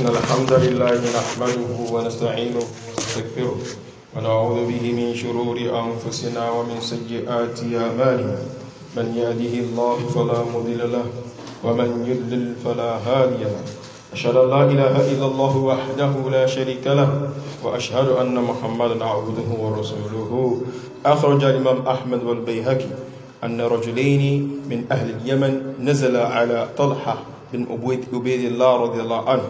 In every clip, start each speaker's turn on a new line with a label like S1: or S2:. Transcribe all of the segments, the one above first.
S1: إن الحمد لله نحمده ونستعينه ونستغفره ونعوذ به من شرور أنفسنا ومن سيئات أعمالنا من يهده الله فلا مضل له ومن يضلل فلا هادي له أشهد أن لا إله إلا الله وحده لا شريك له وأشهد أن محمدا عبده ورسوله أخرج الإمام أحمد والبيهقي أن رجلين من أهل اليمن نزل على طلحة بن أبيد الله رضي الله عنه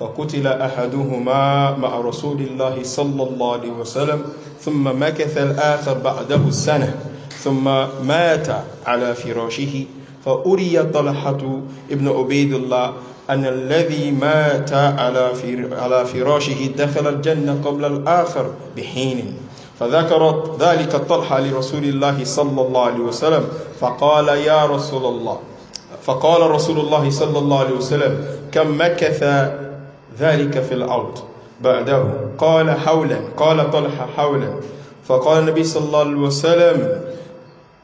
S1: فقتل أحدهما مع رسول الله صلى الله عليه وسلم ثم مكث الآخر بعده السنة ثم مات على فراشه فأري طلحة ابن عبيد الله أن الذي مات على على فراشه دخل الجنة قبل الآخر بحين فذكر ذلك طلحة لرسول الله صلى الله عليه وسلم فقال يا رسول الله فقال رسول الله صلى الله عليه وسلم كم مكث ذلك في الأرض بعده قال حولا قال طلحة حولا فقال النبي صلى الله عليه وسلم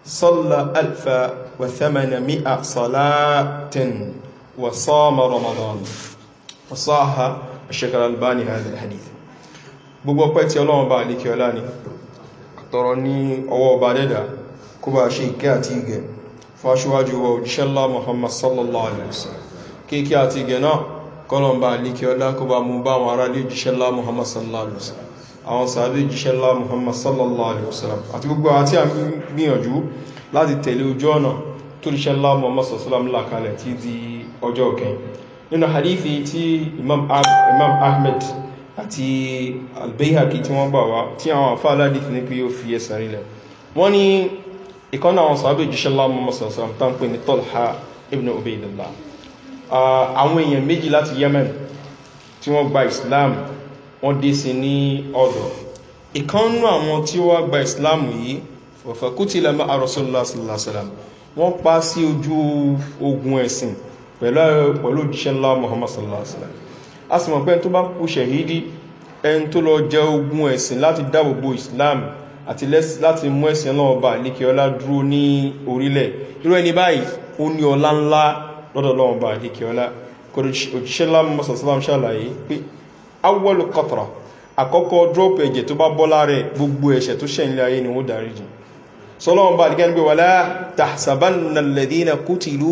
S1: صلى ألف وثمانمائة صلاة وصام رمضان وصاح الشيخ الألباني هذا الحديث بقوة قيتي الله مبالي كيولاني أطرني أو بالدا كبا شيء كاتيجي فاشواجه إن شاء الله محمد صلى الله عليه وسلم كي كاتيجي نعم kọlọ̀mbà alíkẹ́ ọlá kó bá mú bá àwọn ará lè jíṣẹ́ lá muhammad sallallahu alaihi wasallam àwọn sàábé jíṣẹ́ lá muhammad sallallahu alaihi wasallam àti gbogbo àti àmì gbìyànjú láti tẹ̀lé ojú ọ̀nà tó ríṣẹ́ lá muhammad sallallahu lákalẹ̀ tí di ọjọ́ kẹyìn nínú hadithi tí imam ahmed àti albayhaki tí wọ́n bà wá tí àwọn àfá aládìí ní pé ó fi ẹsẹ̀ rílẹ̀ wọ́n ní ìkọ́nà àwọn sàábé jíṣẹ́ muhammad sallallahu alaihi wasallam tán pè ní tọ́lá ibn ubaydillah àwọn èèyàn méjì láti yemen tí wọ́n gba islam wọ́n dé sí ní ọ̀dọ̀ ìkánnú àwọn tí wọ́n gba islam yìí fọ̀fẹ̀kútì lẹ́mọ́ àrọ̀sọ́lọ́sọ́lọ́sọ́lọ́ wọ́n pa sí ojú ogun ẹ̀sìn pẹ̀lú òjíṣẹ́ ńlá muhammad sallallahu a sì mọ̀ pé tó bá kú ṣẹ̀hídí ẹn tó lọ jẹ ogun ẹ̀sìn láti dáàbòbò islam àti láti mú ẹ̀sìn ọlọ́ọ̀bà lékè ọlá dúró ní orílẹ̀ irú ẹni báyìí ó ní ọlá ńlá lọ́dọ̀ lọ́wọ́ bá ìkẹ́ọ́lá òjíṣẹ́ lámọ́ sàṣàlám ṣàlàyé pé awọ́lù kọtàrà àkọ́kọ́ drop ẹ̀jẹ̀ tó bá bọ́ láàrẹ gbogbo ẹ̀ṣẹ̀ tó ṣẹ̀ nílẹ̀ ayé ni wọ́n darí jì sọ́lọ́wọ́n bá àdìgẹ́ ń gbé wàlá tàṣàbánà lẹ́dínà kùtìlú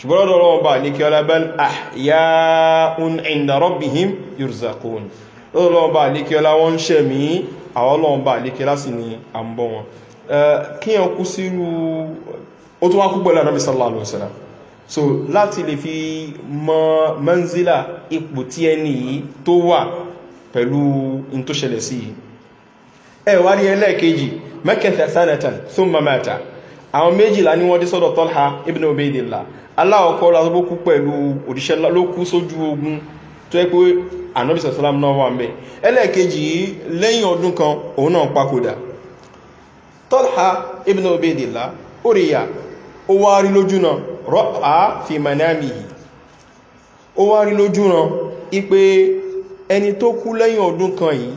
S1: ṣùgbọ́n lọ́dọ̀ ọlọ́wọ́ bá ní kí ọlá bá yá un ẹ̀ndà rọ́bìhìm yorùsàkún lọ́dọ̀ ọlọ́wọ́ bá ní kí ọlá wọ́n ń ṣẹ̀ mí àwọn ọlọ́wọ́ ní kí ọlá ní à wọn kí ẹ kú sírú ó tó wá kú pẹ̀lú anábì sallallahu alayhi wa so láti lè fi mọ manzila ipò tí ẹni yìí tó wà pẹ̀lú in tó ṣẹlẹ̀ sí yìí ẹ àwọn méjìlá ní wọ́n dé sọ́dọ̀ tọ́lá ibn obeidillah aláwọ̀kọ́ lásọ́pọ̀ kú pẹ̀lú òdíṣẹ́ ló kú sójú ogun tó yẹ pé ànábì sọ̀sọ́lám náà wà mẹ́ ẹlẹ́ẹ̀kejì yìí lẹ́yìn ọdún kan òun náà pakòdà tọ́lá ibn obeidillah ó rí ya ó wá rí lójú náà rọ́pá fi manami yìí ó wá rí lójú náà ipé ẹni tó kú lẹ́yìn ọdún kan yìí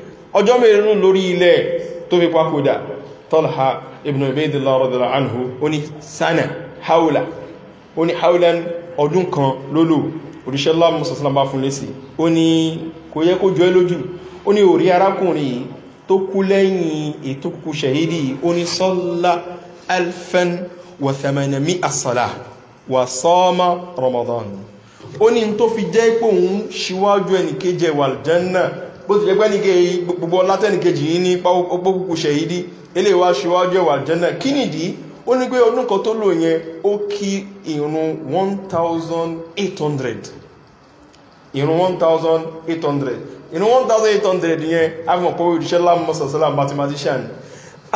S1: ọjọ́ mẹ́rin lórí ilẹ̀ tó fi pápódà tọ́lá ibn ubaidillah radiyallahu anhu ó ní sana haula ó ní haulan ọdún kan lólò òdíṣẹ́lá musasalamba fún lésì ó ní kò yẹ kó jọ lójú ó ní orí arákùnrin tó kú lẹ́yìn ètò kúkú ṣẹ̀hídì ó ní sọ́lá alfan wa thamanami asala sọ́ọ́mà ramadan ó tó fi jẹ́ ipò òun síwájú ẹnìkéjẹ wàljanna bó ti jẹ́ pẹ́ nìke gbogbo látẹ́nìkejì yìí ní pópókù ṣẹ̀yídí eléyìí wá ṣíwájú ẹ̀wà jẹ́nà kí nìdí ó ní pé ọdún kan tó lò yẹn ó kí irun one thousand eight hundred irun one thousand eight hundred irun one thousand eight hundred yẹn àfihàn pọ̀wé òjíṣẹ́ lámọ́sàsálà mathematician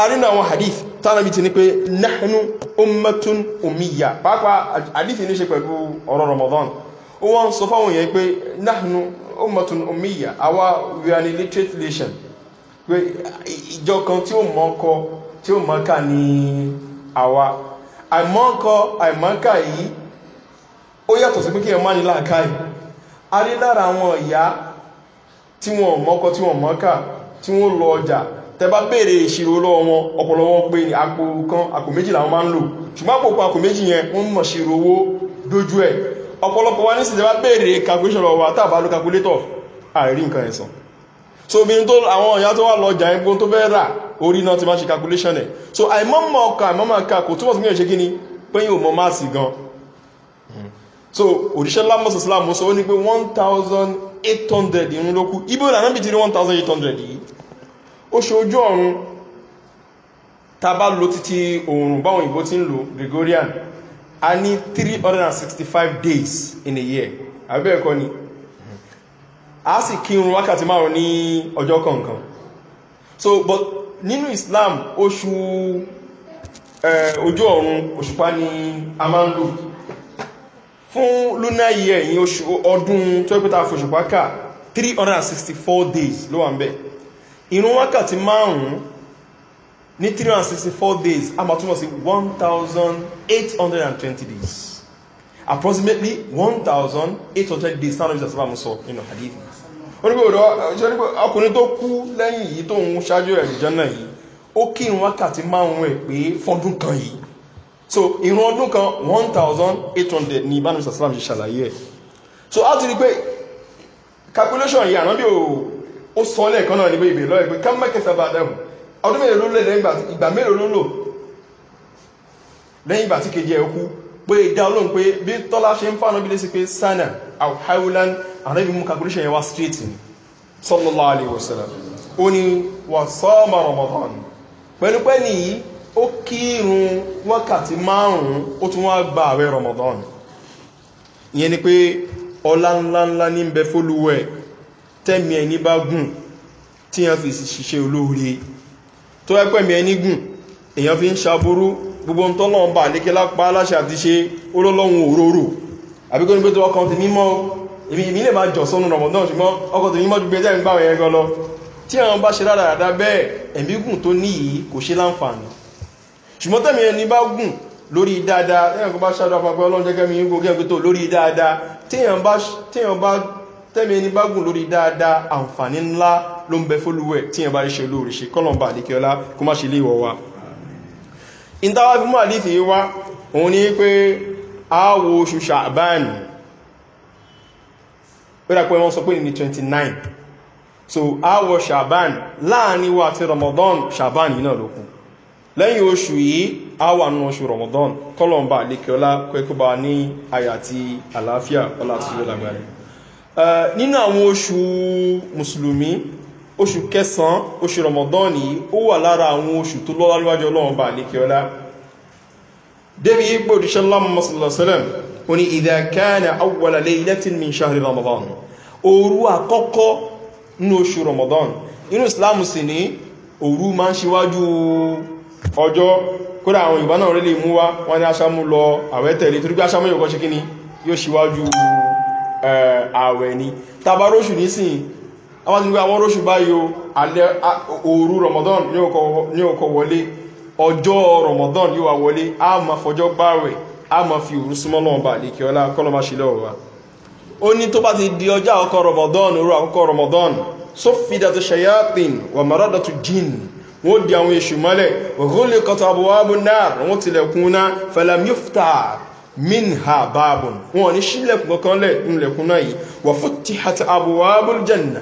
S1: arínà àwọn hadith tánàbí ti ní pé nahnu ummatun omiya pàápàá hadith ní ṣe pẹ̀lú ọ̀rọ̀ ramadan ó wọ́n sọ fáwọn yẹn pé nahnu ummatun ummiya àwa we are an illiterate nation pé ìjọ kan tí ó mọ̀ ọkọ tí ó mọ̀ ká ní àwa àìmọ̀ ọkọ àìmọ̀ ká yìí ó yàtọ̀ sí pé kí ẹ má ní làákàyè a rí lára àwọn ìyá tí wọn mọ̀ ọkọ tí wọn mọ̀ ká tí wọn lọ ọjà tẹba bèèrè ìṣirò lọ́wọ́ wọn ọ̀pọ̀lọwọ́ pé àpò kan àpò méjì làwọn máa ń lò ṣùgbọ́n àpò kan àpò méjì yẹn wọ́n mọ̀ ṣirò owó dójú ẹ̀ ọ̀pọ̀lọpọ̀ wa nísìnyí wá béèrè calculation lọ wa tàbá ló calculator àìrí nǹkan ẹ̀sàn so bí n tó àwọn ọ̀yá tó wà lọ jà epo tó fẹ́ rà orí náà ti máa ṣe calculation ẹ̀ so àìmọ́mọ́ ọkà àìmọ́mọ́ ọkà kò túbọ̀ sí kí n ṣe kí ni pé yóò mọ máàsì gan so òdíṣẹ́ lámọ́sọ̀ sílámù sọ ó ní pé 1800 irun ló kú ibi òdà náà 1800 yìí ó ṣe lo títí òòrùn báwọn òyìnbó a ní 365 days in a year àbẹ́ ẹ̀kọ́ ni a sì kírun wákàtí márùn ní ọjọ́ kọ̀ọ̀kan so but nínú Islam oṣù ojú ọ̀run òṣùpá ni a máa ń lò fún lunar year yìí oṣù ọdún tó pẹ́ta fòṣùpá ká 364 days ló wà ń bẹ̀ ìrun wákàtí márùn-ún ní three and sixty four days a máa túmọ̀ sí one thousand eight hundred and twenty days approximately one thousand eight hundred days táwọn ìjọba sábà mú sọ nínú hadith onígbòdò ọkùnrin tó kú lẹ́yìn yìí tó ń ṣáájú rẹ̀ ìjọ náà yìí ó kí ìrún wákàtí márùn-ún ẹ̀ pé fọ́dún kan yìí so ìrún ọdún kan one thousand eight hundred ní ibanu sasalam ṣe ṣàlàyé ẹ̀ so a ti rí pé calculation yìí àná bí ó sọ lẹ́ẹ̀kan náà ní pé ìbèrè lọ́yẹ̀ pé ká mẹ́kẹsà bá dáhùn ọdún mélòó ló lè lẹ́yìn ìgbà mélòó ló lò lẹ́yìn ìgbà tí kejì ẹ̀ kú pé ìdá olóhùn pé bí tọ́lá ṣe ń fánà bí lé sí pé sana alhailan àrẹ́bí mú calculation yẹn wá straight ni sallallahu alaihi wasallam ó ní ramadan pẹ̀lú pẹ́ nìyí ó kírun wákàtí márùn ramadan ìyẹn ni pé ọlá ńláńlá ní ń bẹ fólúwẹ̀ tẹ́mi tó ẹpẹ́ mi ẹni gùn èèyàn fi ń ṣaburú gbogbo tọ́lọ́n bá lékẹ́ lápá aláṣẹ àti ṣe olólọ́hun òróró àbíkó ní pé tó ọkàn ti mímọ́ èmi lè máa jọ sọ́nù rọ̀mọ̀dán ṣùgbọ́n ọkàn ti mímọ́ ju gbé jẹ́ ìgbà ẹ̀yẹn gan lọ tí àwọn bá ṣe dáadáa bẹ́ẹ̀ ẹ̀mí gùn tó ní yìí kò ṣe láǹfààní ṣùgbọ́n tẹ̀mí ẹni bá gùn lórí dáadáa téèyàn kan bá ṣáàdọ̀ àpapọ̀ ọlọ́run jẹ́gẹ́ ńlá ló ń bẹ fólúwẹ̀ tí yẹn bá ṣe olóòrì ṣe kọ́lọ̀mbà àdíkẹ́ọlá kó má ṣe léèwọ̀ wa ìntàwà fi mú àdífì wá òun ní pé àwọ̀ oṣù ṣàbáàmì pẹ́lá wọ́n sọ pé ní 29 so àwọ̀ ṣàbáàn láàrin wa àti ramadan ṣàbáàn yìí náà lókun lẹ́yìn oṣù yìí àwà nínú oṣù ramadan kọlọmbà lèkẹ́ọlá kẹ́kọ́bà ní àyà àti àlàáfíà ọlá àti ìwé lágbàrẹ̀ nínú àwọn oṣù musulmi oṣù kẹsàn-án oṣù ramadan yìí ó wà lára àwọn oṣù tó lọ́lá níwájú ọlọ́run bá lékè ọlá débi ipò òdíṣẹ́ lọ́mọ sọ̀lọ́sọ́lẹ̀m ó ní ìdàkánà awọ́lalẹ̀ ilẹ̀tìn mi ṣáàrí ramadan òru àkọ́kọ́ nínú oṣù ramadan inú islam sì ní òru máa ń ṣíwájú ọjọ́ kódà àwọn yorùbá náà rẹ́lẹ̀ mú wá wọ́n ní aṣámú lọ àwẹ́ tẹ̀lé torí pé aṣámú yóò ṣe kí ni yóò ṣíwájú ààwẹ̀ ni tabaróṣù nísìnyí àwọn ti gbé àwọn oróṣù báyìí o alẹ́ òru ramadan ní ọkọ̀ wọlé ọjọ́ ramadan yíwa wọlé a ma fọjọ́ gbáwẹ̀ a ma fi òru súnmọ́ náà bà lè kí ọlá kọ́lọ́mà ṣe lọ́wọ́ wa ó ní tó bá ti di ọjọ́ àkọ́kọ́ ramadan òru àkọ́kọ́ ramadan sófìdà tó ṣayápin wà mọ́rọ́dà tó jìn wọ́n di àwọn èṣù mọ́lẹ̀ babun wọn ni ṣílẹ̀kùn kankan lẹ̀ náà yìí wà fún tìhàtà àbúwábù jẹ́nà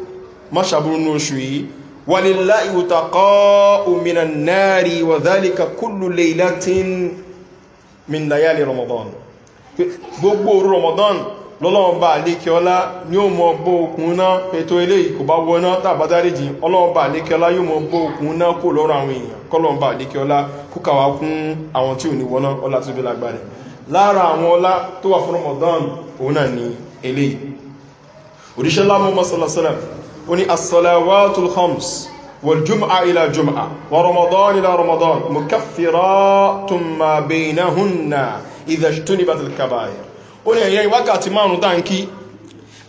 S1: má ṣàbúrú ní oṣù yìí wàlélá ìwòtàkọ́ òmìnà náàrí wàzálìkà kúlù lèilá tí ń mìnàyàlè ramadan gbogbo òru ramadan lọ́lọ́ọ̀bá àlékẹ́ọlá ní ó mọ bó okùn náà ètò ilé ìkò bá wọ́ná tàbádáríjì ọlọ́ọ̀bá àlékẹ́ọlá yóò mọ bó okùn náà kò lọ́rọ̀ àwọn èèyàn kọlọ́ọ̀bá àlékẹ́ọlá kúkàwá fún àwọn tí ò ní wọ́ná ọlá tó bí lágbàrẹ̀ lára àwọn ọlá tó wà fún ramadan òun náà ni eléyìí òdíṣẹ́lá mọ́ mọ́sálásálà ó ní asalawatul khams waljum'a ila jum'a wa ramadan ila ramadan mukaffiratun ma bainahunna idha ijtunibatil kaba'ir ó ní ẹ̀yẹ wákàtí márùn-ún dáńkí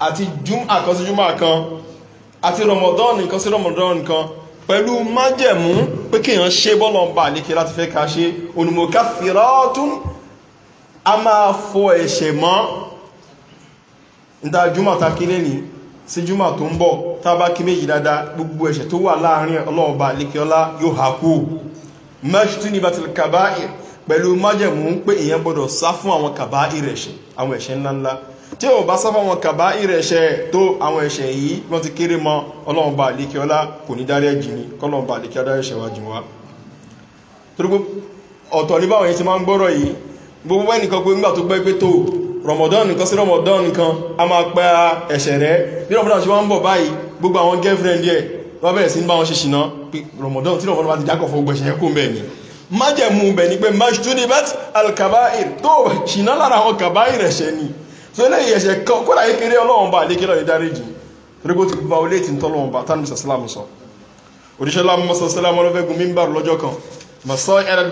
S1: àti jum'a kan sí jum'a kan àti ramadan nìkan sí ramadan nìkan pẹ̀lú májẹ̀mú pé kí èèyàn ṣe bọ́lọ̀ ń bà lékè láti fẹ́ ká ṣe onímọ̀ká fìrọ́tún a máa fọ ẹ̀ṣẹ̀ mọ́ ìdájúmọ̀ takílé ní sí júmà tó ń bọ̀ tábà kí méjì dáadáa gbogbo ẹ̀ṣẹ̀ tó wà láàrin ọlọ́ọ̀ba lẹ́kẹ́ọ́lá yóò hà kú mẹ́ṣútú ní batil kàbáyé pẹ̀lú májẹ̀mú ń pé ìyẹn gbọ́dọ̀ sá fún àwọn kàbáyé rẹ̀ ṣe àwọn ẹ̀ṣẹ̀ ńláńlá tí ò bá sábà wọn kàbá ìrẹsẹ̀ tó àwọn ẹ̀ṣẹ̀ yìí wọ́n ti kéré mọ́ ọlọ́run bá kò ní dárí ẹ̀jì ni kọ́lọ́run bá ẹ̀ṣẹ̀ wájú wa. torí ramadan nìkan sí ramadan nìkan a máa pẹ́ ẹ̀ṣẹ̀ rẹ̀ bí ramadan ṣe wá ń bọ̀ báyìí gbogbo àwọn girlfriend ẹ̀ wọ́n bẹ̀rẹ̀ sí ń bá wọn ṣe ṣìnà pé ramadan tí ramadan bá ti jákọ̀ fún gbogbo ẹ̀ṣẹ̀ kó bẹ́ẹ̀ ni májẹ̀mú bẹ̀ ni pé mashtuni bat alkabair tó ṣìnà lára àwọn kabair ẹ̀ṣẹ̀ ni so eléyìí ẹ̀ṣẹ̀ kan kódà kékeré ọlọ́run bá àlékè lọ́ọ́ ìdáríjì torí kó ti bá olé tí ń tọ́lọ́run bá tánú sàsílámù sọ òdíṣẹ́ lámú sàsílámù ọlọ́fẹ́gun mímbà lọ́jọ́ kan masọ́ ẹ̀rọ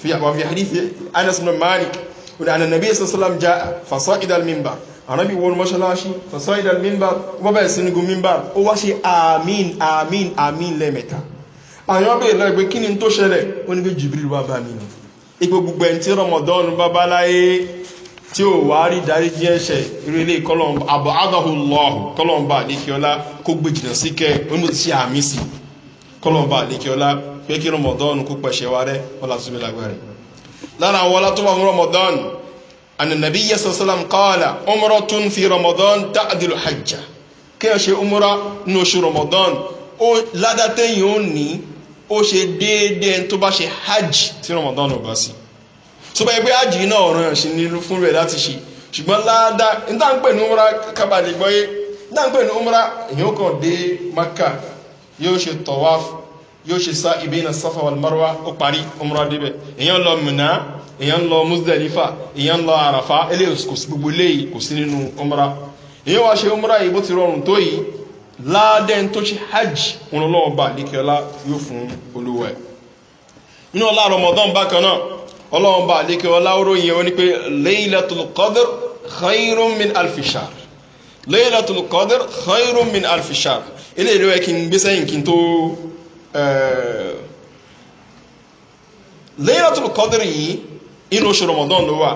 S1: fi àbáfi àdífi anas bin malik ọ̀nà nàbí ìsọ́sọ́lám já fàṣọ́ ìdálmímbà ànábì wọn mọ́ṣáláṣí fàṣọ́ ìdálmímbà wọ́n bẹ̀rẹ̀ sí ní gun mímbà ó wá ṣe àmín àmín àmín lẹ́ẹ̀mẹ́ta àwọn ọbẹ̀ ìlọ ìgbé kí ni tó ṣẹlẹ̀ ó ní pé jibril wà bá mi ni ipò gbogbo ẹni tí rọmọdọ́nù bá bá láyé tí ò wá rí darí jẹ́ ẹ̀ṣẹ̀ irú ilé àbọ̀ adahulọ́ọ̀hù kọlọ́mbà àdékíọ́lá kó gbé jìnnà sí kẹ́ ó ní ti àmì sí kọlọ́mbà àdékíọ́lá pé kí rọmọdọ́nù kó pẹ̀ṣẹ̀ wa rẹ́ ọlá tó bí lágbára lára àwọn ọlá tó wà ní ramadan ànànàbí yẹsọ sọlám kọ́ọ̀là ọmọrọ tó ń fi ramadan dá àdìlù hajjá kí ẹ ṣe ọmọrọ ní oṣù ramadan ó ládàtẹ́yìn ó ní ó ṣe déédéé tó bá ṣe hajj tí ramadan ò bá sí tó bá yẹ pé hajj náà ọ̀ràn ẹ̀ṣin nílùú fún rẹ̀ láti ṣe ṣùgbọ́n ládàá níta ń pè ní ọmọrọ kábàlì gbọ́yé níta ń pè ní ọmọrọ èèyàn kàn dé maka yóò ṣe tọ́wáfù yóò ṣe sá ibi iná safa wal marwa ó parí umra débẹ̀ èèyàn lọ mìnà èèyàn lọ muzdalifa èèyàn lọ àràfà eléyìí kò sí gbogbo eléyìí kò sí nínú umra èèyàn wá ṣe umra yìí bó ti rọrùn tó yìí láàdẹ́n tó ṣe hajj wọn lọ́wọ́ bá àlékẹ́ọ́lá yóò fún olúwẹ̀ nínú ọlá ramadan bákan náà ọlọ́wọ́ bá àlékẹ́ọ́lá oróyìn wọn ni pé leilatul qadr khairun min min alfishar ilé ìrẹ́wẹ̀ kí Eh, Laylatul Qadr yìí inú oṣù Ramadan ló wà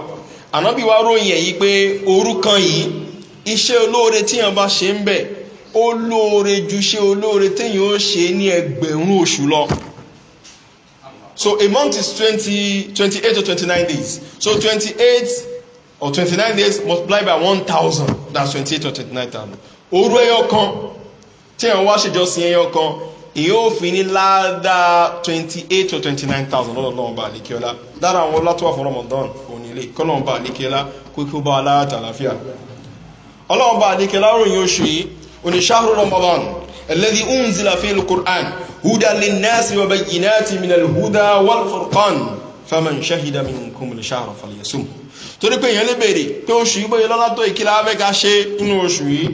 S1: ànábì wa ròyìn èyí pé òru yìí iṣẹ́ olóore tíyàn bá ṣe ń bẹ̀ ó ju iṣẹ́ olóore téèyàn ó ṣe ní ẹgbẹ̀rún oṣù lọ so a month is twenty twenty eight or twenty nine days so twenty eight or twenty nine days multiplied by one thousand that's twenty eight or twenty nine thousand òru ẹyọ kan téèyàn wá ṣèjọsìn ẹyọ kan yóò fi ní ládàá twenty eight to twenty nine thousand lọ́dọ̀ lọ́wọ́ bá àlékíọ́lá dára àwọn látúwà fún ramadan onílé kọ́lọ́wọ́ bá àlékíọ́lá kó kí ó bá alára tàlàfíà ọlọ́wọ́ bá àlékíọ́lá ròyìn oṣù yìí oníṣàhùrù ramadan ẹlẹ́dí unzila fi alukur'an huda lè nẹ́ẹ̀sì wọ́n bẹ yìnẹ́ẹ̀tì mi lẹ́lu huda wal furqan fẹ́mi ṣahida mi nkú mi ṣàhùrù fàlẹ́sùn torí pé èèyàn lè béèrè pé oṣù yìí bóyá lọ́lá tó ìkílá abẹ́ ká ṣe inú oṣù yìí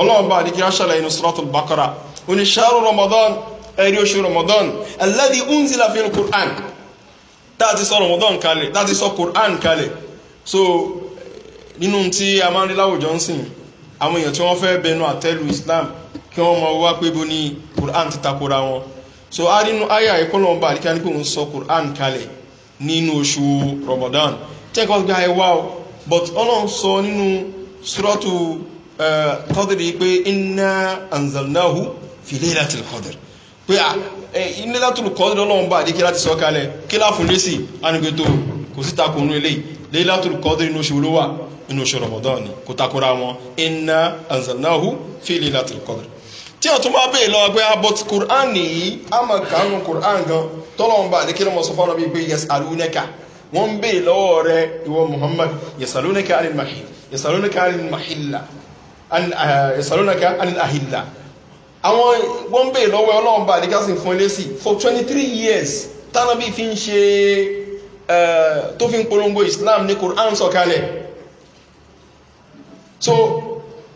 S1: ọlọ́wọ́ bá àlékíọ́lá ṣàlàyé ní sọ́tọ̀ bàkàrà oníṣàrò ramadan ẹ̀rí oṣù ramadan alẹ́dí unzila fi quran táàtì sọ ramadan kalẹ̀ táàtì sọ quran kalẹ̀ so nínú tí a máa ń rí láwùjọ ń sìn àwọn èèyàn tí wọ́n fẹ́ bẹnu àtẹ́lu islam kí wọ́n mọ wá pé bó ní quran ti takora wọn so a nínú àyà ìkọlọ́mbà àdíkà ní pé òun sọ quran kalẹ̀ nínú oṣù ramadan tẹ́kọ̀ gba ẹwà o but ọlọ́run sọ nínú sùrọ́tù eh, tọ́dìrì pé iná anzalnahu fi Laylatul Qadr pé ah, Laylatul Qadr lọ́wọ́n bá àdékè láti sọ kalẹ̀ kíláàfù lẹ́sì anugbètò kò sí takò nínú eléyìí Laylatul Qadr inú oṣù ló wà inú oṣù Ramadan ni kò takora wọn inna anzalnahu fi Laylatul Qadr tí a tún bá bèè lọ agbẹ́ ah, abọ́t Qur'an nìyí a mọ̀ kánú Qur'an gan tọ́lọ́wọ́n bá àdékè lọ́mọ sọ Muhammad yas'alunaka anil mahilla yas'alunaka anil mahilla eh, yas'alunaka anil ahilla àwọn wọ́n ń bèè lọ́wọ́ ọlọ́run bá àdíkásìn fún ilé sí for twenty three years tánàbí fi ń ṣe tó fi ń polongo islam ní quran sọ̀kalẹ̀ so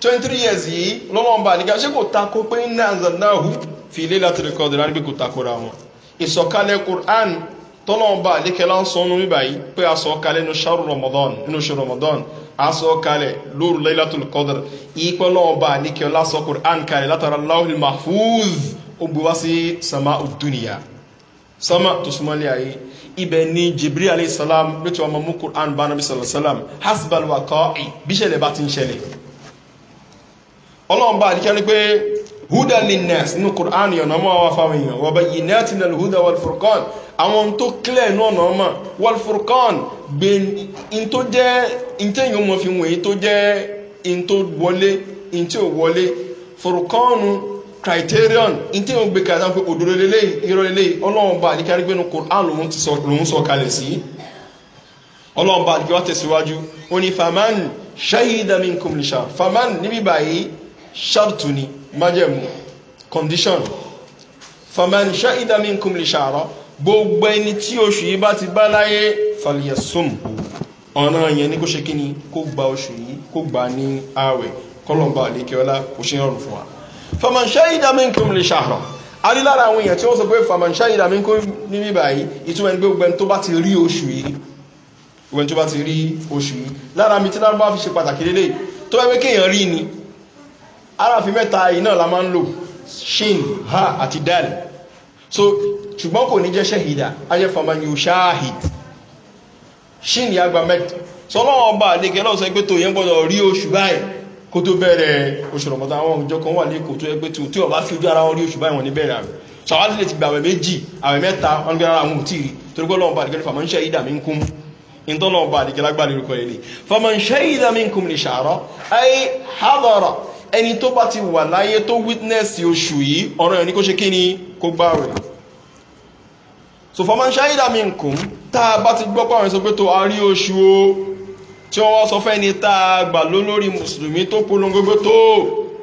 S1: twenty three years yìí lọ́wọ́n bá àdíkásìn kò takò pé nanzanahu fi ilé láti rẹ̀kọ́dù láti gbé kò takora wọn ìsọ̀kalẹ̀ quran tọ́lọ́wọ́n bá àdíkẹ́lá ń sọ nínú bíbáyìí pé a sọ̀kalẹ̀ nínú ṣàrù ramadan nínú ṣe ramadan asọ́kalẹ̀ lóru lailatul qadr ipò lọ́ọ̀ba níkẹ́ lásọkùn ànkalẹ̀ látara lawhil mahfuz ó gbé wá sí sama duniya sama tó súnmọ́lé ayé ibẹ̀ ni jibril alayhi salam ló ti wà mọ́ mú quran bá nabi sallallahu alayhi salam hasbal wa kọ́ bí ṣẹlẹ̀ bá ti ń ṣẹlẹ̀ ọlọ́ọ̀ba ni pé huda linnas nínú quran ọ̀nà ọmọ wa fáwọn èèyàn wọ́n bá yìí náà ti nàlù huda walfurkan àwọn ohun tó clear náà ọ̀nà ọmọ walfurkan gbé in tó jẹ́ in téèyàn mọ̀ fi wọ̀nyí tó jẹ́ in tó wọlé in tí ò wọlé furkanu criterion in téèyàn gbé kàdá pé òdòdó lélẹ́yìn irọ́ lélẹ́yìn ọlọ́run bá àdíkárí gbénu quran lòun sọ kalẹ̀ sí ọlọ́run bá àdíkárí wá tẹ̀síwájú ó ní faman ṣahidamikumlisha faman níbí ṣàrtù ni májẹ̀mú condition faman ṣáìdá mi kún lè ṣàárọ̀ gbogbo ẹni tí oṣù yìí bá ti bá láyé falyasum ọ̀nà yẹn ní kó ṣe kíni kó gba oṣù yìí kó gbà ní ààwẹ̀ kọlọ̀mbà àlékẹ́ọ́lá kò ṣe rọrùn fún wa faman ṣáìdá mi kún lè ṣàárọ̀ a rí lára àwọn èèyàn tí wọ́n sọ pé faman ṣáìdá mi kún ní bíbáyìí ìtumọ̀ ẹni pé gbogbo ẹni tó bá ti rí oṣù yìí lára mi tí lárúbá fi ṣe pàtàkì lélẹ̀ tó bá wẹ́ kéèyàn rí ni aráfi mẹ́ta iná la máa ń lò shin ha àti dal so ṣùgbọ́n kò ní jẹ́ ṣẹ́hìdà ajẹ́ fàmàyò ṣáàhìd shin ya gba mẹ́ta so ọlọ́wọ́ ọba àdékẹ́ lọ́wọ́ sọ pé tó yẹn gbọ́dọ̀ rí oṣù báyìí kó tó bẹ̀rẹ̀ oṣù rọ̀mọ́ta àwọn òjò kan wà lẹ́kọ̀ọ́ tó yẹ pé tí ọba fi ojú ara wọn rí oṣù báyìí wọn ní bẹ̀rẹ̀ àrùn so àwọn àti lè ti gba àwẹ̀ méjì àwẹ̀ mẹ́ta wọn gbé ara àwọn òtí rí torí pé ọlọ́wọ́ ọba àdékẹ́ fàmà ń ṣe ìdàmí ń kún ìtọ́lọ́wọ́ ọba àdékẹ́ lágbàlérúkọ yìí ni fàmà ń ṣe ìdàmí ń kún ní ṣàárọ̀ ayé hábọ̀rọ̀ ẹni tó bá ti wà láyé tó witness oṣù yìí ọ̀rọ̀ ẹ̀ ní kó ṣe kí ni kó gbá rẹ̀ sòfọ́mọ́ ṣáyídà mi nkùn tá a bá ti gbọ́ pàrọ̀ sọ pé tó a rí oṣù o tí wọ́n sọ fẹ́ni tá a gbà lólórí mùsùlùmí tó polongo gbé tó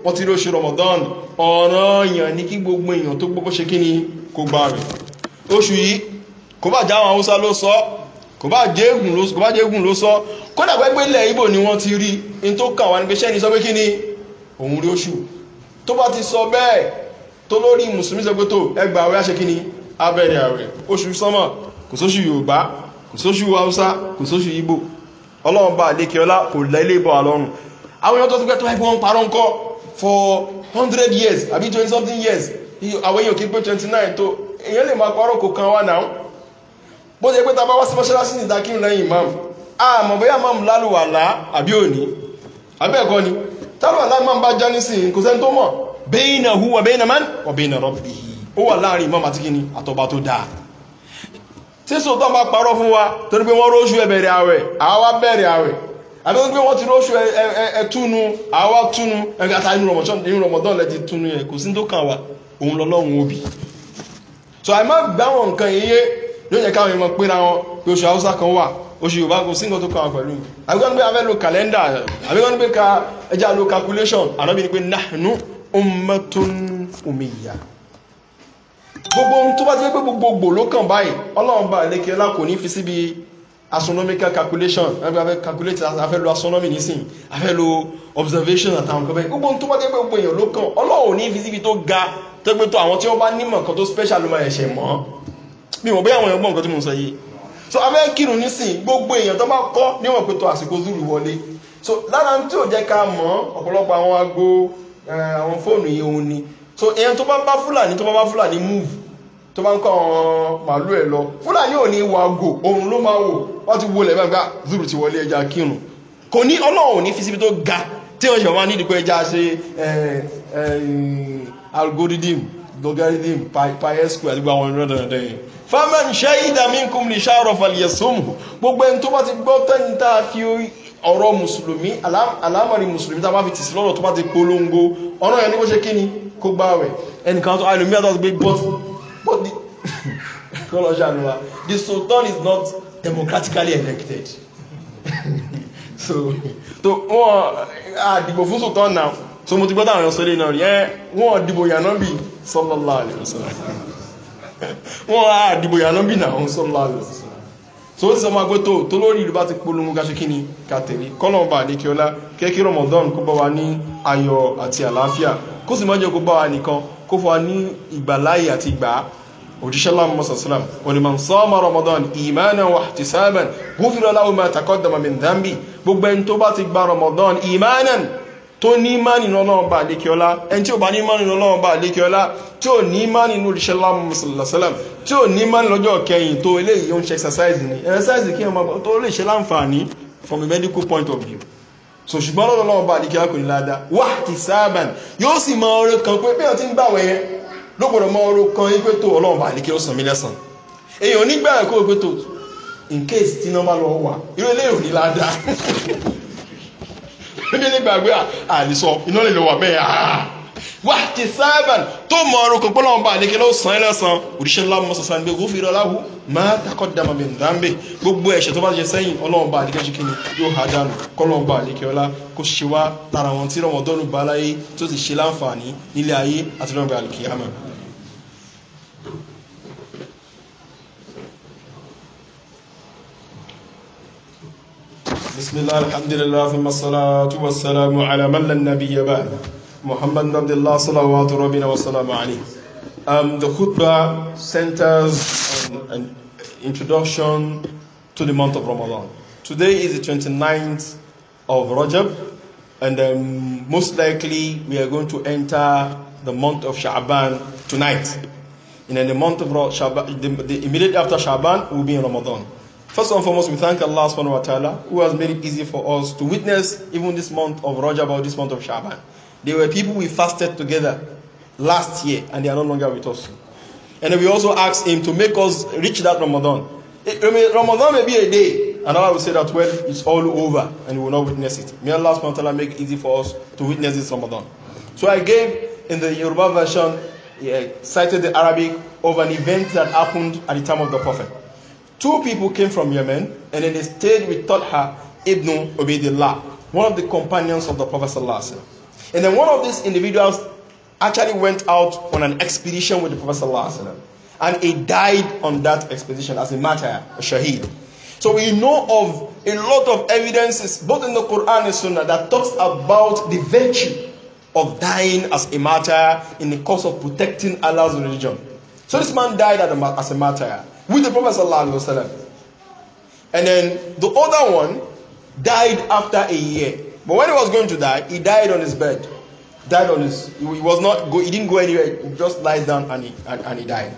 S1: wọ́n ti rí oṣù ramadan ọ̀ràn èèyàn ní kí gbogbo èèyàn tó gbogbo ṣe kí ni kó gbá rẹ̀ oṣù yìí kò bá já àwọn haúsá ló sọ kò bá jẹ́ ègùn ló sọ kódà pẹ́gbẹ́lẹ̀ ibo ni wọ́n ti rí in tó kà wá ní pé ṣẹ́ni sọ pé kí ni òun rí oṣù tó bá ti sọ bẹ́ẹ̀ tó lórí mùsùlùmí sọ pé tó ẹgbà àwẹ́ àṣekíní abẹ́rẹ̀ àwẹ̀ oṣù sọ́mọ̀ kò sóṣù yorùbá kò sóṣù haúsá kò sóṣù igbo ọlọ́run bá àlékè ọlá kò lẹ́lé bọ̀ àlọ́run àwọn èèyàn tó ti pẹ́ tó ẹgbẹ́ parọ́ ńkọ́ for hundred years àbí twenty something years àwọn èèyàn kì í pé twenty nine tó èèyàn lè máa parọ́ kò kan wá náà bó ṣe pé ta bá wá sí mọ́ṣáláṣí ìdákírun lẹ́yìn imam àmọ̀ bóyá imam lálùwàlá àbí òní àbẹ́ẹ̀kọ́ ni tálùwà láì máa ń bá já nísìnyí kò sẹ́ni tó mọ̀ bẹ́yìn náà huwa bẹ́yìn náà máa ń wọ̀ bẹ́yìn náà rọ́bì ó wà láàrin ìmọ̀ àti kíni àtọ̀bà tó dáa tí sòtọ́ bá parọ́ fún wa torí pé wọ́n róṣù ẹ̀bẹ̀rẹ̀ àwẹ̀ àwa bẹ̀rẹ̀ àwẹ̀ àbí pé wọ́n ti róṣù ẹ̀túnu àwa túnu ẹ̀gàtà inú rọ̀mọ̀dán lẹ́ túnu yẹn kò sí tó kàn wá òun lọ́lọ́run obì so àìmọ́ gbáwọn nǹkan yẹn yé yóò yẹ káwọn èèyàn oṣù yorùbá kò sí nǹkan tó kàn án pẹ̀lú àbíkọ́ni pé afẹ́ lo kàlẹ́ndà àbíkọ́ni pé ká ẹja lo calculation ànábì ni pé nahnu ummatun umiya gbogbo ohun tó bá ti pé gbogbogbò ló kàn báyìí ọlọ́run bá lékè ọlá kò ní fi síbi astronomical calculation ẹgbẹ́ afẹ́ calculate afẹ́ lo astronomy nísìn afẹ́ lo observation àtàwọn nǹkan bẹ́ẹ̀ gbogbo ohun tó bá ti pé gbogbo èèyàn ló kàn ọlọ́run ní fi síbi tó ga tó àwọn tí wọ́n bá nímọ̀ kan tó special ló ẹ̀ṣẹ̀ mọ́ mi ò bẹ́ àwọn ẹ̀gbọ́n nǹkan tí mo sọ yìí so abẹ́ kírun nísìn gbogbo èèyàn tó bá kọ́ níwọ̀n pé tó àsìkò zulu wọlé so lára tí ò jẹ́ ká mọ̀ ọ̀pọ̀lọpọ̀ àwọn ago àwọn fóònù yìí òun ni so èèyàn tó bá bá fúlàní tó bá bá fúlàní move tó bá ń kọ́ àwọn màálù ẹ̀ lọ fúlàní ò ní wọ ago òun ló máa wò wọ́n ti wọlé bá gbà zulu ti wọlé ẹja kírun kò ní ọlọ́run ò ní fi síbi tó ga tí wọ́n ṣe wọ́n máa ní ìdíkọ́ ẹja ṣe algorithm logarithm pi square àti gbogbo àwọn ìrọ̀dọ̀dọ̀ yẹn faman shahida minkum ní ṣáàrọ̀ falyasumhu gbogbo ẹni tó bá ti gbọ́ tẹ́yìn tá a fi ọ̀rọ̀ mùsùlùmí alámọ̀rí mùsùlùmí tá a bá fi tìsí lọ́rọ̀ tó bá ti polongo ọ̀rọ̀ yẹn ní ṣe kí ni kó gbá rẹ̀ ẹnìkan tó àìlùmí àtàwọn gbé bọ́ọ̀dì kọlọ́ṣà ló wa the sultan is not democratically elected so to wọn àdìbò fún sultan náà so mo ti gbọ́dọ̀ àwọn ọ̀sẹ̀ lẹ́yìn náà rí ẹ wọn àdìbò yànnà bíi sọlọ́lá àlẹ́ wọ́n á àdìbò ìyànàbì náà ń sọ láàrẹ̀ tó ó ti sọmọ agbé tó tó lórí ìlú bá ti polongo ká kí ni ká tẹ̀lé kọ́lọ̀mbà àdékíọlá kẹ́kí ramadan kó bá wa ní ayọ̀ àti àlàáfíà kó sì má jẹ́ kó bá wa nìkan kó fún wa ní ìgbàláyè àti ìgbà òjíṣẹ́ láàmú mọ́sàsílám onímọ̀ sọ́ọ́mọ́ ramadan ìmánà wà ti sábẹ̀ gúfìrọ́láwò máa takọ́dàmọ́ mi dánbì gbogbo ẹni tó bá ti gba ramadan ìmánà tó ní má nínú ọlọ́run bá àlékiọlá ẹni tí ò bá ní má nínú ọlọ́run bá àlékiọlá tí ò ní má nínú òrìṣẹ́ lámùsùlùmùsùlùm tí ò ní má nínú kẹyìn tó eléyìí ó ń ṣe exercise ni exercise kí ẹ máa tó lè ṣe láǹfààní from a medical point of view so ṣùgbọ́n lọ́dọ̀ ọlọ́run bá àlékiọlá kò ní láda wá ti sábà yóò sì mọ ọrẹ kan pé bí wọ́n ti ń gbà wẹ̀ yẹn ló gbọ́dọ̀ mọ ọrẹ kan yí pé tó ọlọ́run bá in case tí iná bá lọ wà irú eléyìí bíbélì gbàgbé àlìsọ iná lè lọ wà bẹ́ẹ̀ wà ti sábàn tó mọ ọrùn kò gbọ́dọ̀ ọba àlekè ló sàn án lẹ́sàn òrìṣẹ́ ńlá mọ́ sàṣà nígbè gófìrì ọláhu máa takọ́ dàmà mi dàmbè gbogbo ẹ̀ṣẹ̀ tó bá ṣe sẹ́yìn ọlọ́ọ̀ba àlekè ṣe kíni yóò ha dànù kọ́lọ́ọ̀ba àlekè ọlá kó ṣe wá lára wọn tí rọmọdọ́nù bá láyé tó ti ṣe láǹfààní nílé ayé àti lọ́ọ̀ba àlekè àmọ́. بسم الله الحمد لله ثم الصلاة والسلام على من النبي بعد محمد عبد الله صلوات ربنا وسلام عليه um, The khutbah centers on an introduction to the month of Ramadan Today is the 29th of Rajab and um, most likely we are going to enter the month of Sha'ban tonight and then the month of Sha'ban, the, the, immediately after Sha'ban will be in Ramadan First and foremost, we thank Allah subhanahu wa ta'ala who has made it easy for us to witness even this month of Rajab or this month of Shaban. There were people we fasted together last year and they are no longer with us. And we also ask Him to make us reach that Ramadan. Ramadan may be a day, and Allah will say that, well, it's all over and we will not witness it. May Allah subhanahu wa ta'ala make it easy for us to witness this Ramadan. So I gave in the Yoruba version, yeah, cited the Arabic of an event that happened at the time of the Prophet. Two people came from Yemen and then they stayed with Talha ibn Ubaidillah, one of the companions of the Prophet. And then one of these individuals actually went out on an expedition with the Prophet and he died on that expedition as a martyr, a shaheed. So we know of a lot of evidences, both in the Quran and Sunnah, that talks about the virtue of dying as a martyr in the cause of protecting Allah's religion. So this man died as a martyr with the Prophet sallallahu And then the other one died after a year. But when he was going to die, he died on his bed. Died on his. He was not. Go, he didn't go anywhere. He just lies down and he and, and he died.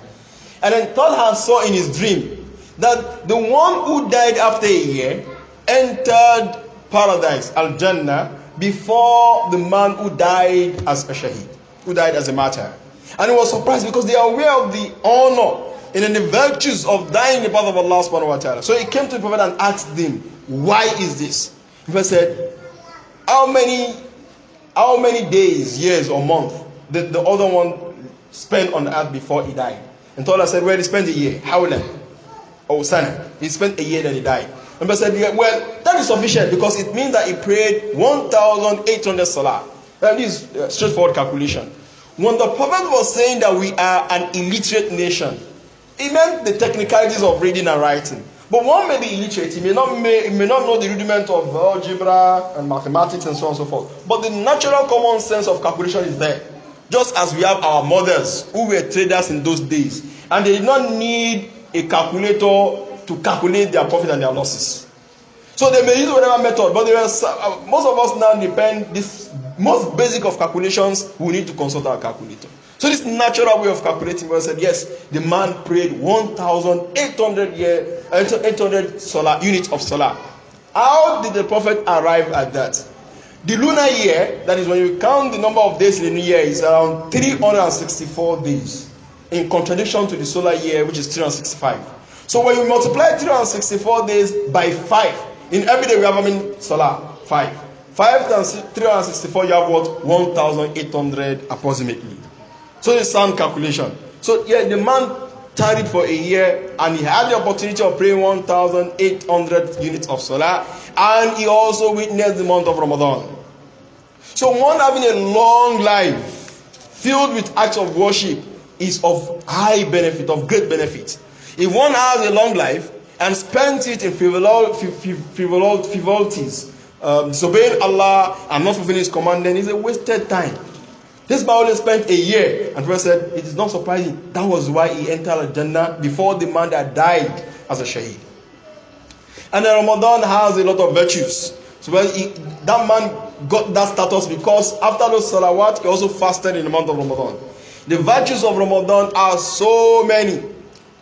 S1: And then Talha saw in his dream that the one who died after a year entered paradise, Al Jannah, before the man who died as a shaheed, who died as a martyr. And he was surprised because they are aware of the honor and in the virtues of dying in the path of Allah subhanahu wa ta'ala. So he came to the Prophet and asked him, Why is this? The Prophet said, How many how many days, years, or month did the other one spend on earth before he died? And Tola said, Well, he spent a year. How long? Oh, son, he spent a year then he died. And Prophet said, Well, that is sufficient because it means that he prayed 1,800 salah. That this is straightforward calculation. When the Prophet was saying that we are an illiterate nation, He meant the technicalities of reading and writing. But one may be illiterate, he may not, may, he may not know the rudiment of algebra and mathematics and so on and so forth. But the natural common sense of calculation is there. Just as we have our mothers who were traders in those days, and they did not need a calculator to calculate their profit and their losses. So they may use whatever method, but there are, uh, most of us now depend this most basic of calculations, we need to consult our calculator. So this natural way of calculating God said, yes, the man prayed 1,800 year, 800 solar units of solar. How did the prophet arrive at that? The lunar year, that is when you count the number of days in a new year, is around 364 days, in contradiction to the solar year, which is 365. So when you multiply 364 days by five, in every day we have I mean solar five. Five times 364, you have what 1,800 approximately. So it's sound calculation. So yeah, the man tarried for a year and he had the opportunity of praying 1,800 units of salah and he also witnessed the month of Ramadan. So one having a long life filled with acts of worship is of high benefit, of great benefit. If one has a long life and spends it in frivol frivolities, um, disobeying Allah and not fulfilling His commandment it's a wasted time. This man only spent a year. And the Prophet said, It is not surprising. That was why he entered the Jannah before the man that died as a shaheed. And Ramadan has a lot of virtues. So he, that man got that status because after those salawat, he also fasted in the month of Ramadan. The virtues of Ramadan are so many.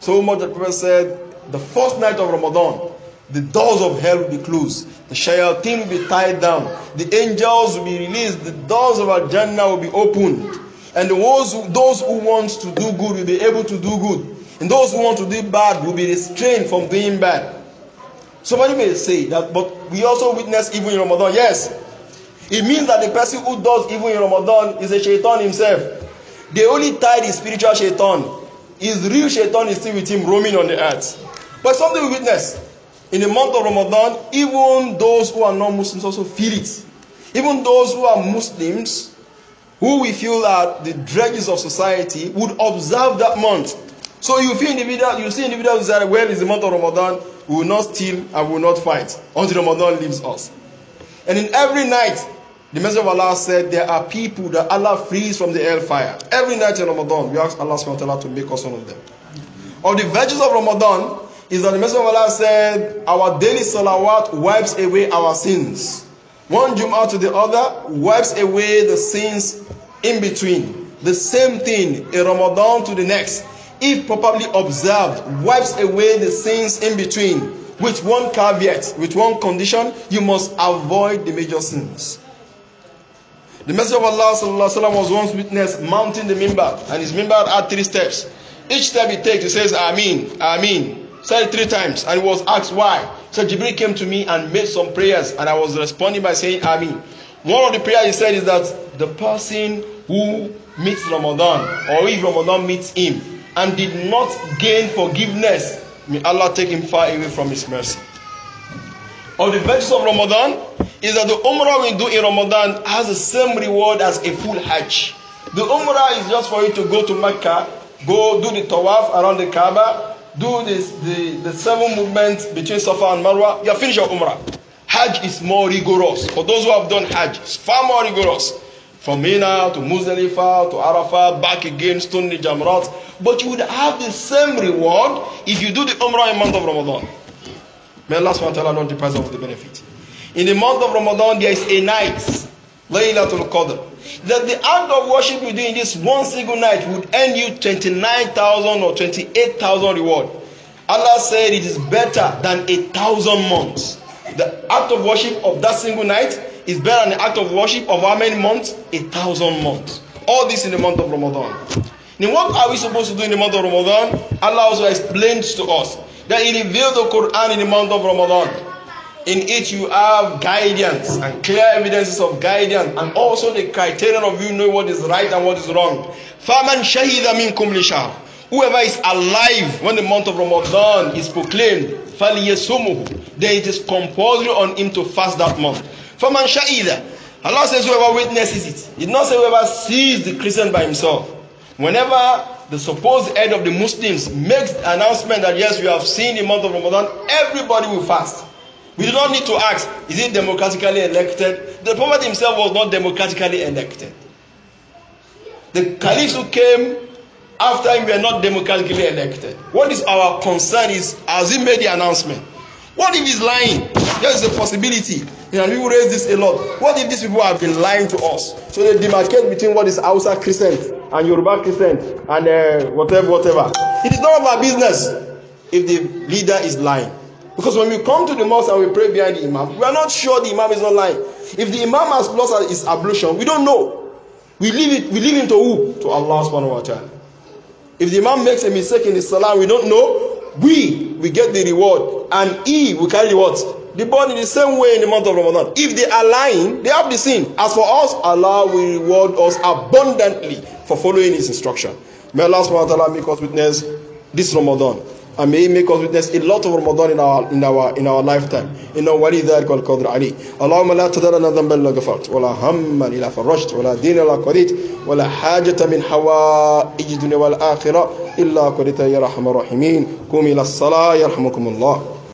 S1: So much the Prophet said, the first night of Ramadan, The doors of hell will be closed. The shayateen will be tied down. The angels will be released. The doors of our Jannah will be opened. And those who, those who want to do good will be able to do good. And those who want to do bad will be restrained from doing bad. Somebody may say that, but we also witness even in Ramadan. Yes, it means that the person who does even in Ramadan is a shaitan himself. They only tied the spiritual shaitan. His real shaitan is still with him roaming on the earth. But something we witness in the month of Ramadan, even those who are non Muslims also feel it. Even those who are Muslims, who we feel are the dregs of society, would observe that month. So you feel individual, you see individuals that well is the month of Ramadan, we will not steal and we will not fight until Ramadan leaves us. And in every night, the Messenger of Allah said, There are people that Allah frees from the hellfire. Every night in Ramadan, we ask Allah to make us one of them. Of the virtues of Ramadan, is that the Messenger of Allah said, Our daily salawat wipes away our sins. One Jum'ah to the other wipes away the sins in between. The same thing, a Ramadan to the next, if properly observed, wipes away the sins in between. With one caveat, with one condition, you must avoid the major sins. The Messenger of Allah وسلم, was once witnessed mounting the mimbar, and his mimbar had three steps. Each step he takes, he says, Ameen, Ameen, said three times and he was asked why. So Jibril came to me and made some prayers and I was responding by saying Amin. One of the prayers he said is that the person who meets Ramadan or if Ramadan meets him and did not gain forgiveness, may Allah take him far away from his mercy. Of the virtues of Ramadan is that the Umrah we do in Ramadan has the same reward as a full Hajj. The Umrah is just for you to go to Mecca, go do the Tawaf around the Kaaba, do this, the, the seven movements between Safa and Marwa, you finish your Umrah. Hajj is more rigorous. For those who have done Hajj, it's far more rigorous. From Mina to Muzdalifah to Arafah, back again, the Jamrat. But you would have the same reward if you do the Umrah in month of Ramadan. May Allah subhanahu wa ta'ala not deprive us of the benefit. In the month of Ramadan, there is a night, Laylatul Qadr that the act of worship you do in this one single night would earn you twenty nine thousand or twenty eight thousand reward. Allah said it is better than a thousand months. The act of worship of that single night is better than the act of worship of how many months? A thousand months. All this in the month of Ramadan. Now, what are we supposed to do in the month of Ramadan? Allah also explained to us that He revealed the Quran in the month of Ramadan in it you have guidance and clear evidences of guidance and also the criterion of you know what is right and what is wrong. فَمَنْ شَهِدَ min kumlisha. Whoever is alive when the month of Ramadan is proclaimed, فَلْيَسُمُهُ Then it is compulsory on him to fast that month. فَمَنْ شَهِدَ Allah says whoever witnesses it. He did not say whoever sees the Christian by himself. Whenever the supposed head of the Muslims makes the announcement that yes, we have seen the month of Ramadan, everybody will fast. We do not need to ask, is he democratically elected? The prophet himself was not democratically elected. The caliphs who came after him were not democratically elected. What is our concern is, has he made the announcement? What if he is lying? There is a possibility. and we will raise this a lot. What if these people have been lying to us? So they demarcate between what is Hausa Crescent and Yoruba Crescent and uh, whatever, whatever. It is none of our business if the leader is lying. Because when we come to the mosque and we pray behind the imam, we are not sure the imam is not lying. If the imam has lost his ablution, we don't know. We leave it, we leave him to who? To Allah subhanahu wa ta'ala. If the imam makes a mistake in the salah, we don't know. We we get the reward. And he we carry the what? The in the same way in the month of Ramadan. If they are lying, they have the sin. As for us, Allah will reward us abundantly for following his instruction. May Allah subhanahu wa ta'ala make us witness this Ramadan. And may He make us witness a lot of Ramadan in our in our in our lifetime. إن ولي ذلك القدر علي. اللهم لا تدع لنا ذنبا إلا غفرت ولا هما إلا فرجت ولا دين إلا قضيت ولا حاجة من حوائج الدنيا والآخرة إلا قضيتها يا أرحم الراحمين. قوم إلى الصلاة يرحمكم الله.